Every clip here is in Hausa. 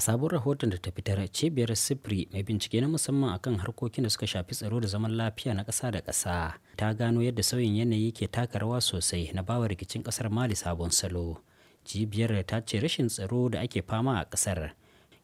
a sabon rahoton da ta fitar cibiyar sifri mai bincike na musamman akan harkokin da suka shafi tsaro da zaman lafiya na ƙasa da ƙasa ta gano yadda sauyin yanayi ke taka rawa sosai na bawa rikicin ƙasar mali sabon salo cibiyar ta ce rashin tsaro da ake fama a ƙasar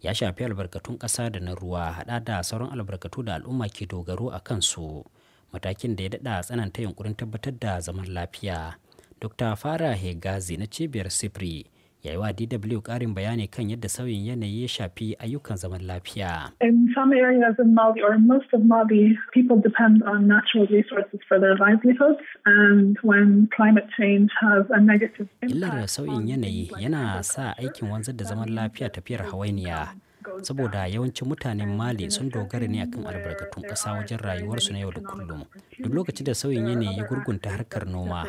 ya shafi albarkatun ƙasa da na ruwa haɗa da sauran albarkatu da al'umma ke dogaro a kansu matakin da ya daɗa tsananta yunkurin tabbatar da zaman lafiya dr fara hegazi na cibiyar Sipri. ya wa DW ƙarin bayani kan yadda sauyin yanayi ya shafi ayyukan zaman lafiya. In some areas in Mali or most of Mali, people depend on natural resources for their livelihoods and when climate change has a negative impact. Illar sauyin yanayi yana sa aikin wanzar da zaman lafiya tafiyar hawainiya. saboda yawancin mutanen mali sun dogara ne akan albarkatun ƙasa wajen rayuwarsu na yau da kullum duk lokacin da sauyin yanayi ya gurgunta harkar noma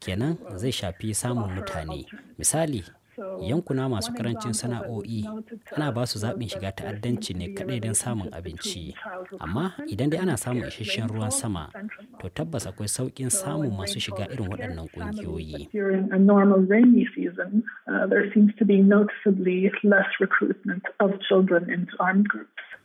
kenan zai shafi samun mutane misali yankuna masu karancin sana'o'i ana ba su zaɓin shiga ta'addanci ne kaɗai don samun abinci amma idan dai ana samun isasshen ruwan sama to tabbas akwai sauƙin samun masu shiga irin waɗannan ƙungiyoyi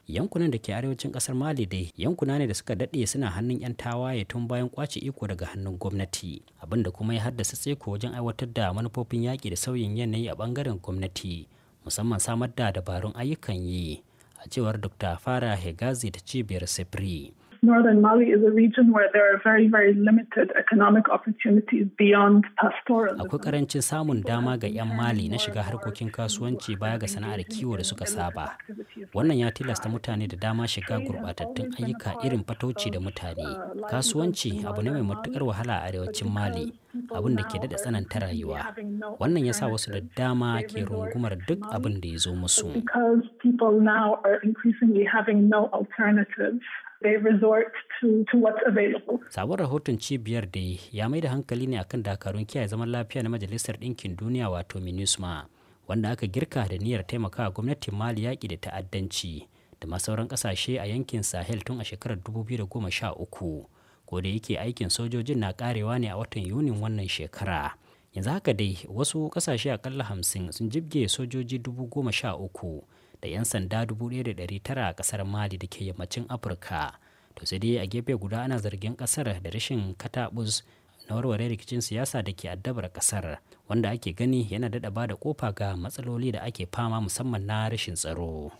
yankunan da ke arewacin kasar mali dai yankuna ne da suka daɗe suna hannun 'yan tawaye tun bayan kwace iko daga hannun gwamnati abin da kuma ya haddasa tseko wajen aiwatar da manufofin yaƙi da sauyin yanayi a ɓangaren gwamnati musamman samar da dabarun ayyukan yi a cewar dr fara hegazi da cibiyar sepri northern Mali is a region where there are very, very limited economic opportunities beyond pastoral. Akwai karancin samun dama ga 'yan Mali na shiga harkokin kasuwanci baya ga sana'ar kiwo da suka saba. Wannan ya tilasta mutane da dama shiga gurbatattun ayyuka irin fatauci da mutane. Kasuwanci abu ne mai matukar wahala a arewacin Mali. abin da ke daɗa tsananta rayuwa wannan ya sa wasu da dama ke rungumar duk abin da ya zo musu Sabon rahoton cibiyar da ya mai da hankali ne akan dakarun kiyaye zaman lafiya na Majalisar Ɗinkin Duniya wato MINUSMA, wanda aka girka da niyyar taimakawa gwamnatin Mali yaƙi da ta'addanci da ma sauran ƙasashe a yankin Sahel tun a shekarar 2013. ko da yake aikin sojojin na karewa ne a watan yunin wannan shekara yanzu haka dai wasu kasashe akalla hamsin sun jibge sojoji dubu goma sha uku da 'yan sanda dubu ɗaya da ɗari tara a ƙasar mali da ke yammacin afirka to sai dai a gefe guda ana zargin ƙasar da rashin katabus na warware rikicin siyasa da ke addabar ƙasar wanda ake gani yana daɗa ba da ƙofa ga matsaloli da ake fama musamman na rashin tsaro